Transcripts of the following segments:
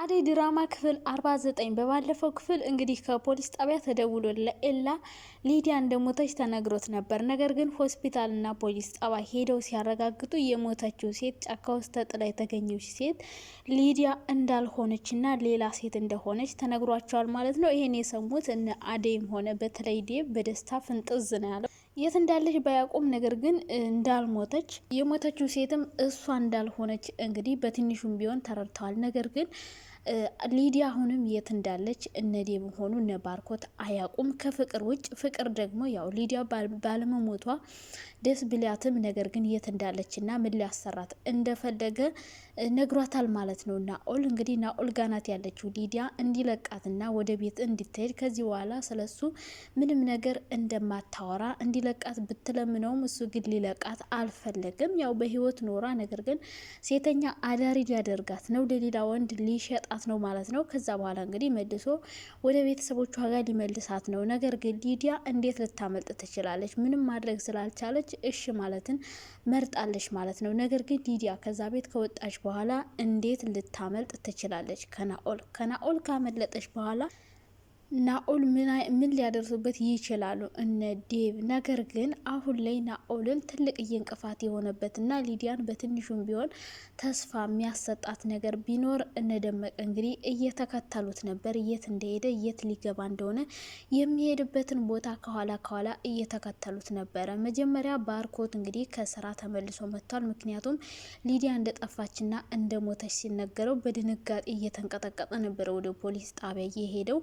አደይ ድራማ ክፍል 49 በባለፈው ክፍል እንግዲህ ከፖሊስ ጣቢያ ተደውሎ ለኤላ ሊዲያ እንደሞተች ተነግሮት ነበር። ነገር ግን ሆስፒታልና ፖሊስ ጣቢያ ሄደው ሲያረጋግጡ የሞተችው ሴት ጫካ ውስጥ ተጥላ የተገኘች ሴት ሊዲያ እንዳልሆነችና ሌላ ሴት እንደሆነች ተነግሯቸዋል ማለት ነው። ይሄን የሰሙት እነ አደይም ሆነ በተለይ ዴብ በደስታ ፍንጥዝ ነው ያለው። የት እንዳለች ባያውቁም ነገር ግን እንዳልሞተች የሞተችው ሴትም እሷ እንዳልሆነች እንግዲህ በትንሹም ቢሆን ተረድተዋል። ነገር ግን ሊዲያ አሁንም የት እንዳለች እነዴ ሆኑ እነ ባርኮት አያውቁም ከፍቅር ውጭ። ፍቅር ደግሞ ያው ሊዲያ ባለመሞቷ ደስ ብሊያትም ነገር ግን የት እንዳለች እና ምን ሊያሰራት እንደፈለገ ነግሯታል ማለት ነው። ናኦል እንግዲህ ናኦል ጋናት ያለችው ሊዲያ እንዲለቃትና ወደ ቤት እንድትሄድ ከዚህ በኋላ ስለሱ ምንም ነገር እንደማታወራ እንዲለቃት ብትለምነውም እሱ ግን ሊለቃት አልፈለግም። ያው በህይወት ኖራ ነገር ግን ሴተኛ አዳሪ ሊያደርጋት ነው፣ ለሌላ ወንድ ሊሸጣት ነው ማለት ነው። ከዛ በኋላ እንግዲህ መልሶ ወደ ቤተሰቦቿ ጋር ሊመልሳት ነው። ነገር ግን ሊዲያ እንዴት ልታመልጥ ትችላለች? ምንም ማድረግ ስላልቻለች እሺ ማለትን መርጣለች ማለት ነው። ነገር ግን ሊዲያ ከዛ ቤት ከወጣች በኋላ እንዴት ልታመልጥ ትችላለች? ከናኦል ከናኦል ካመለጠች በኋላ ናኦል ምን ሊያደርሱበት ይችላሉ እነ ዴቭ። ነገር ግን አሁን ላይ ናኦልን ትልቅ እንቅፋት እና ሊዲያን በትንሹም ቢሆን ተስፋ የሚያሰጣት ነገር ቢኖር እነደመቀ እንግዲህ እየተከተሉት ነበር። የት እንደሄደ የት ሊገባ እንደሆነ የሚሄድበትን ቦታ ከኋላ ከኋላ እየተከተሉት ነበረ። መጀመሪያ ባርኮት እንግዲህ ከስራ ተመልሶ መጥቷል። ምክንያቱም ሊዲያ እንደጠፋችና እንደሞተች ሲነገረው በድንጋጤ እየተንቀጠቀጠ ነበረ ወደ ፖሊስ ጣቢያ የሄደው።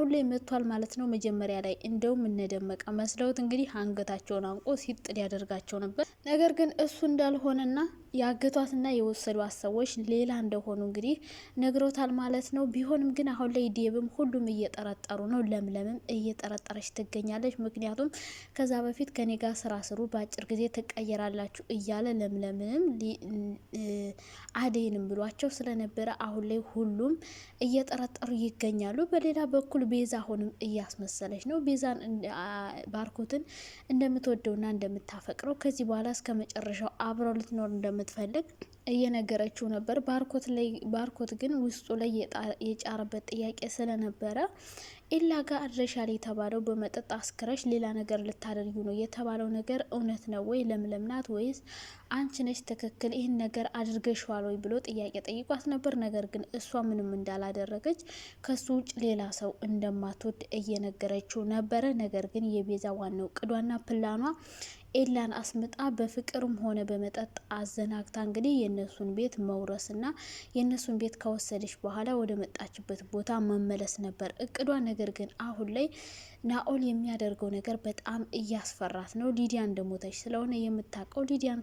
አሁን ላይ መጥቷል ማለት ነው። መጀመሪያ ላይ እንደውም እነደመቀ መስለውት እንግዲህ አንገታቸውን አንቆ ሲጥ ሊያደርጋቸው ነበር። ነገር ግን እሱ እንዳልሆነና ያገቷትና የወሰዷት ሰዎች ሌላ እንደሆኑ እንግዲህ ነግሮታል ማለት ነው። ቢሆንም ግን አሁን ላይ ዴብም ሁሉም እየጠረጠሩ ነው። ለምለምም እየጠረጠረች ትገኛለች። ምክንያቱም ከዛ በፊት ከኔ ጋር ስራ ስሩ፣ በአጭር ጊዜ ትቀየራላችሁ እያለ ለምለምንም አደይንም ብሏቸው ስለነበረ አሁን ላይ ሁሉም እየጠረጠሩ ይገኛሉ። በሌላ በኩል ቤዛ አሁንም እያስመሰለች ነው። ቤዛን ባርኮትን እንደምትወደውና እንደምታፈቅረው ከዚህ በኋላ እስከ መጨረሻው አብረው ልትኖር እንደምትፈልግ እየነገረችው ነበር። ባርኮት ግን ውስጡ ላይ የጫረበት ጥያቄ ስለነበረ ኢላ ጋር አድረሻል የተባለው በመጠጥ አስክረሽ ሌላ ነገር ልታደርጊ ነው የተባለው ነገር እውነት ነው ወይ ለምለም ናት ወይስ አንቺ ነች ትክክል ይህን ነገር አድርገሽዋል ወይ ብሎ ጥያቄ ጠይቋት ነበር። ነገር ግን እሷ ምንም እንዳላደረገች ከሱ ውጭ ሌላ ሰው እንደማትወድ እየነገረችው ነበረ። ነገር ግን የቤዛ ዋናው ቅዷና ፕላኗ ኤላን አስመጣ በፍቅርም ሆነ በመጠጥ አዘናግታ እንግዲህ የእነሱን ቤት መውረስና የእነሱን ቤት ከወሰደች በኋላ ወደ መጣችበት ቦታ መመለስ ነበር እቅዷ። ነገር ግን አሁን ላይ ናኦል የሚያደርገው ነገር በጣም እያስፈራት ነው። ሊዲያ እንደሞተች ስለሆነ የምታውቀው ሊዲያን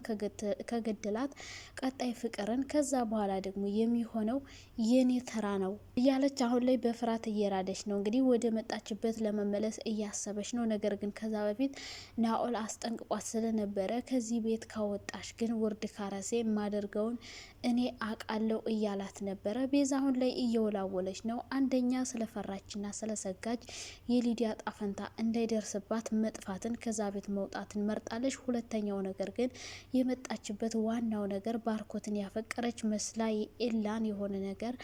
ከገደላት ቀጣይ ፍቅርን ከዛ በኋላ ደግሞ የሚሆነው የኔ ተራ ነው እያለች አሁን ላይ በፍርሃት እየራደች ነው። እንግዲህ ወደ መጣችበት ለመመለስ እያሰበች ነው። ነገር ግን ከዛ በፊት ናኦል አስጠንቅቋት ስለነበረ ከዚህ ቤት ካወጣሽ ግን ውርድ ካረሴ የማደርገውን እኔ አቃለው እያላት ነበረ። ቤዛ አሁን ላይ እየወላወለች ነው። አንደኛ ስለፈራችና ስለሰጋች የሊዲያ ፈንታ እንዳይደርስባት መጥፋትን ከዛ ቤት መውጣትን መርጣለች። ሁለተኛው ነገር ግን የመጣችበት ዋናው ነገር ባርኮትን ያፈቀረች መስላ የኤላን የሆነ ነገር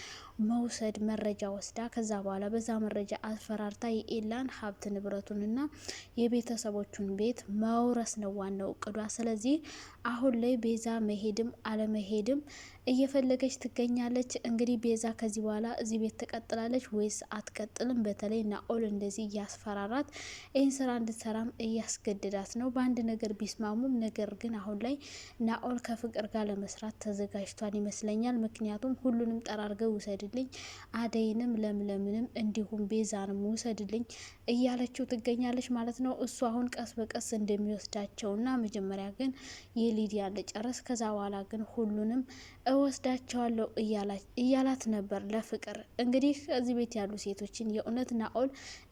መውሰድ መረጃ ወስዳ ከዛ በኋላ በዛ መረጃ አስፈራርታ የኤላን ሀብት ንብረቱንና የቤተሰቦቹን ቤት መውረስ ነው ዋናው እቅዷ። ስለዚህ አሁን ላይ ቤዛ መሄድም አለመሄድም እየፈለገች ትገኛለች። እንግዲህ ቤዛ ከዚህ በኋላ እዚህ ቤት ትቀጥላለች ወይስ አትቀጥልም? በተለይ ናኦል እንደዚህ እያስፈራራት ይህን ስራ እንድትሰራም እያስገድዳት ነው። በአንድ ነገር ቢስማሙም፣ ነገር ግን አሁን ላይ ናኦል ከፍቅር ጋር ለመስራት ተዘጋጅቷል ይመስለኛል። ምክንያቱም ሁሉንም ጠራርገ ውሰድልኝ፣ አደይንም ለምለምንም እንዲሁም ቤዛንም ውሰድልኝ እያለችው ትገኛለች ማለት ነው። እሱ አሁን ቀስ በቀስ እንደሚወስዳቸውና መጀመሪያ ግን የሊዲያ ልጨርስ ከዛ በኋላ ግን ሁሉንም እወስዳቸዋለሁ እያላት ነበር ለፍቅር። እንግዲህ ከዚህ ቤት ያሉ ሴቶችን የእውነት ናኦል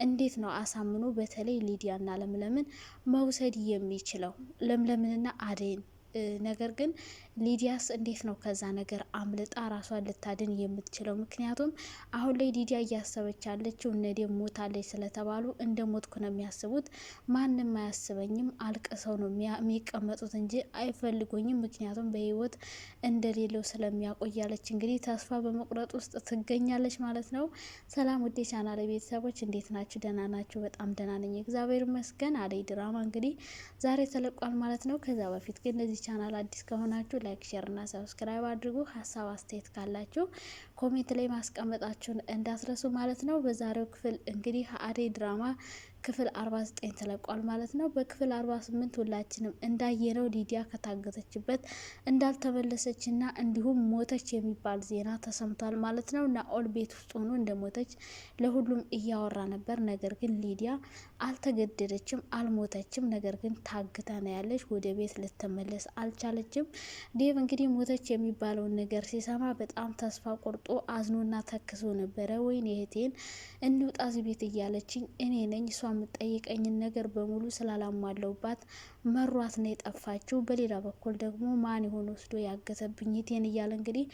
እንዴት ነው አሳምኖ በተለይ ሊዲያና ለምለምን መውሰድ የሚችለው? ለምለምንና አደይን ነገር ግን ሊዲያስ እንዴት ነው ከዛ ነገር አምልጣ ራሷን ልታድን የምትችለው? ምክንያቱም አሁን ላይ ሊዲያ እያሰበች ያለችው እነዴ ሞታለች ስለተባሉ እንደ ሞትኩ ነው የሚያስቡት። ማንም አያስበኝም፣ አልቅሰው ነው የሚቀመጡት እንጂ አይፈልጉኝም። ምክንያቱም በህይወት እንደሌለው ስለሚያቆያለች። እንግዲህ ተስፋ በመቁረጥ ውስጥ ትገኛለች ማለት ነው። ሰላም ውዴ ቻናል ቤተሰቦች እንዴት ናችሁ? ደህና ናችሁ? በጣም ደህና ነኝ እግዚአብሔር ይመስገን። አደይ ድራማ እንግዲህ ዛሬ ተለቋል ማለት ነው። ከዛ በፊት ግን ለዚህ ቻናል አዲስ ከሆናችሁ ላይክ፣ ሼር እና ሰብስክራይብ አድርጉ። ሀሳብ አስተያየት ካላችሁ ኮሜንት ላይ ማስቀመጣችሁን እንዳስረሱ ማለት ነው። በዛሬው ክፍል እንግዲህ አደይ ድራማ ክፍል 49 ተለቋል ማለት ነው። በክፍል 48 ሁላችንም እንዳየነው ሊዲያ ከታገተችበት እንዳልተመለሰች እና እንዲሁም ሞተች የሚባል ዜና ተሰምቷል ማለት ነው። ናኦል ቤት ውስጥ ሆኖ እንደሞተች ለሁሉም እያወራ ነበር። ነገር ግን ሊዲያ አልተገደደችም አልሞተችም። ነገር ግን ታግታ ነው ያለች። ወደ ቤት ልትመለስ አልቻለችም። ዴቭ እንግዲህ ሞተች የሚባለውን ነገር ሲሰማ በጣም ተስፋ ቆርጦ አዝኖና ተክሶ ነበረ። ወይን እህቴን እንውጣ ቤት እያለችኝ እኔ ነኝ እሷ የምጠይቀኝን ነገር በሙሉ ስላላሟለውባት መሯት ነው የጠፋችው። በሌላ በኩል ደግሞ ማን የሆነ ወስዶ ያገተብኝ ይቴን እያለ እንግዲህ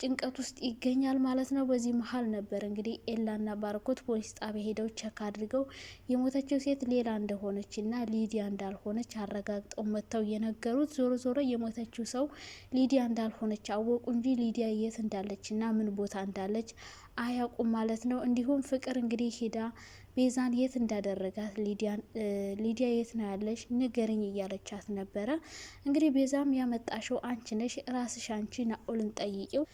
ጭንቀት ውስጥ ይገኛል ማለት ነው። በዚህ መሀል ነበር እንግዲህ ኤላና ባርኮት ፖሊስ ጣቢያ ሄደው ቸክ አድርገው የሞተችው ሴት ሌላ እንደሆነች እና ሊዲያ እንዳልሆነች አረጋግጠው መጥተው የነገሩት። ዞሮ ዞሮ የሞተችው ሰው ሊዲያ እንዳልሆነች አወቁ እንጂ ሊዲያ የት እንዳለች እና ምን ቦታ እንዳለች አያውቁም ማለት ነው። እንዲሁም ፍቅር እንግዲህ ሄዳ ቤዛን የት እንዳደረጋት ሊዲያ የት ነው ያለሽ ንገርኝ እያለቻት ነበረ። እንግዲህ ቤዛም ያመጣሽው አንቺ ነሽ ራስሽ አንቺ ናኦልን ጠይቂው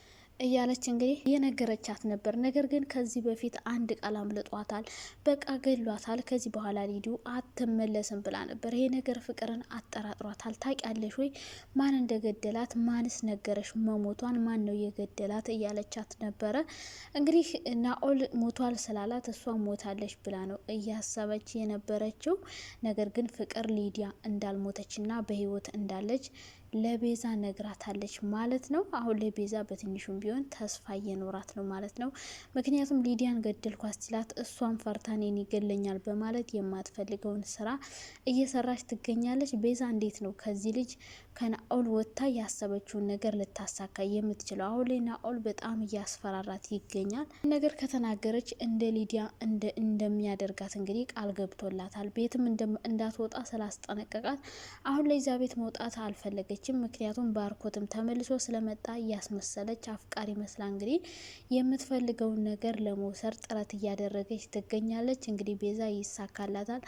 እያለች እንግዲህ የነገረቻት ነበር። ነገር ግን ከዚህ በፊት አንድ ቃል አምልጧታል። በቃ ገሏታል፣ ከዚህ በኋላ ሊዲ አትመለስም ብላ ነበር። ይሄ ነገር ፍቅርን አጠራጥሯታል። ታውቂያለሽ ወይ ማን እንደገደላት? ማንስ ነገረሽ መሞቷን? ማን ነው የገደላት? እያለቻት ነበረ። እንግዲህ ናኦል ሞቷል ስላላት እሷ ሞታለች ብላ ነው እያሰበች የነበረችው። ነገር ግን ፍቅር ሊዲያ እንዳልሞተችና በህይወት እንዳለች ለቤዛ ነግራታለች ማለት ነው። አሁን ላይ ቤዛ በትንሹም ቢሆን ተስፋ እየኖራት ነው ማለት ነው። ምክንያቱም ሊዲያን ገደልኳት ሲላት እሷን ፈርታ ይገለኛል በማለት የማትፈልገውን ስራ እየሰራች ትገኛለች። ቤዛ እንዴት ነው ከዚህ ልጅ ከናኦል ወጥታ ያሰበችውን ነገር ልታሳካ የምትችለው? አሁን ላይ ናኦል በጣም እያስፈራራት ይገኛል። ነገር ከተናገረች እንደ ሊዲያ እንደሚያደርጋት እንግዲህ ቃል ገብቶላታል። ቤትም እንዳትወጣ ስላስጠነቀቃት አሁን ላይ ቤት መውጣት አልፈለገች አልቻለችም። ምክንያቱም ባርኮትም ተመልሶ ስለመጣ እያስመሰለች አፍቃሪ መስላ እንግዲህ የምትፈልገውን ነገር ለመውሰድ ጥረት እያደረገች ትገኛለች። እንግዲህ ቤዛ ይሳካላታል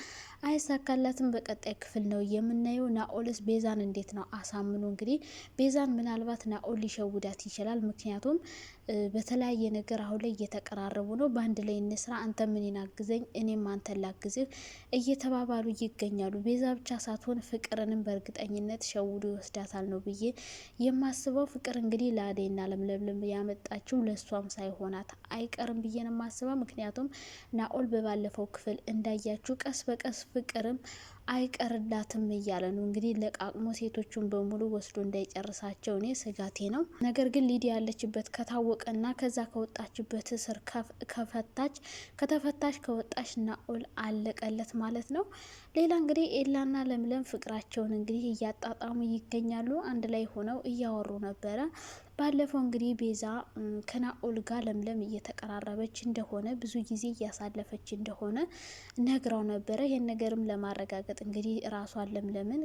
አይሳካላትም በቀጣይ ክፍል ነው የምናየው። ናኦልስ ቤዛን እንዴት ነው አሳምኑ? እንግዲህ ቤዛን ምናልባት ናኦል ሊሸውዳት ይችላል። ምክንያቱም በተለያየ ነገር አሁን ላይ እየተቀራረቡ ነው። በአንድ ላይ እንስራ፣ አንተ ምን አግዘኝ፣ እኔም አንተን ላግዝህ እየተባባሉ ይገኛሉ። ቤዛ ብቻ ሳትሆን ፍቅርንም በእርግጠኝነት ሸውዶ ይወስዳታል ነው ብዬ የማስበው። ፍቅር እንግዲህ ለአደይና ለምለምለም ያመጣችው ለእሷም ሳይሆናት አይቀርም ብዬ ነው የማስበው። ምክንያቱም ናኦል በባለፈው ክፍል እንዳያችሁ ቀስ በቀስ ፍቅርም አይቀርላትም እያለ ነው እንግዲህ ለቃቅሞ ሴቶቹን በሙሉ ወስዶ እንዳይጨርሳቸው እኔ ስጋቴ ነው። ነገር ግን ሊዲያ ያለችበት ከታወቀና ከዛ ከወጣችበት እስር ከፈታች ከተፈታች ከወጣች ናኦል አለቀለት ማለት ነው። ሌላ እንግዲህ ኤላና ለምለም ፍቅራቸውን እንግዲህ እያጣጣሙ ይገኛሉ። አንድ ላይ ሆነው እያወሩ ነበረ። ባለፈው እንግዲህ ቤዛ ከናኦል ጋር ለምለም እየተቀራረበች እንደሆነ ብዙ ጊዜ እያሳለፈች እንደሆነ ነግራው ነበረ። ይህን ነገርም ለማረጋገጥ እንግዲህ ራሷን ለምለምን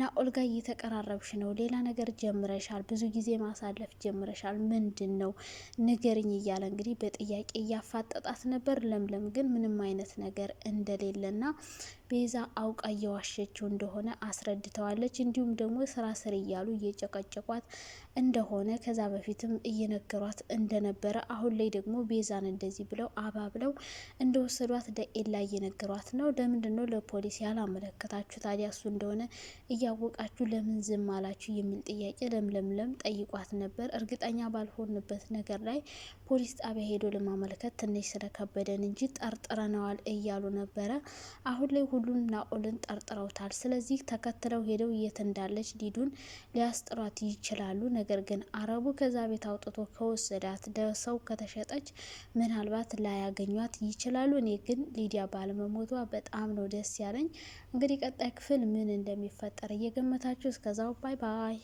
ናኦል ጋር እየተቀራረብሽ ነው፣ ሌላ ነገር ጀምረሻል፣ ብዙ ጊዜ ማሳለፍ ጀምረሻል፣ ምንድን ነው ንገርኝ እያለ እንግዲህ በጥያቄ እያፋጠጣት ነበር። ለምለም ግን ምንም አይነት ነገር እንደሌለና ቤዛ አውቃ እየዋሸችው እንደሆነ አስረድተዋለች። እንዲሁም ደግሞ ስራ ስር እያሉ እየጨቀጨቋት እንደሆነ ከዛ በፊትም እየነገሯት እንደነበረ አሁን ላይ ደግሞ ቤዛን እንደዚህ ብለው ብለው እንደወሰዷት ለኤላ እየነገሯት ነው። ለምንድን ነው ለፖሊስ ያላመለከታችሁ ታዲያ? እሱ እንደሆነ እያወቃችሁ ለምን ዝም አላችሁ? የሚል ጥያቄ ለምለምለም ጠይቋት ነበር። እርግጠኛ ባልሆንበት ነገር ላይ ፖሊስ ጣቢያ ሄዶ ለማመልከት ትንሽ ስለከበደን እንጂ ጠርጥረነዋል እያሉ ነበረ። አሁን ላይ ሁሉም ናኦልን ጠርጥረውታል። ስለዚህ ተከትለው ሄደው የት እንዳለች ሊዱን ሊያስጥሯት ይችላሉ። ነገር ግን አረቡ ከዛ ቤት አውጥቶ ከወሰዳት ደርሰው ከተሸጠች ምናልባት ላያገኟት ይችላሉ። እኔ ግን ሊዲያ ባለመሞቷ በጣም ነው ደስ ያለኝ። እንግዲህ ቀጣይ ክፍል ምን እንደሚፈጠር እየገመታችሁ እስከዛው ባይ ባይ።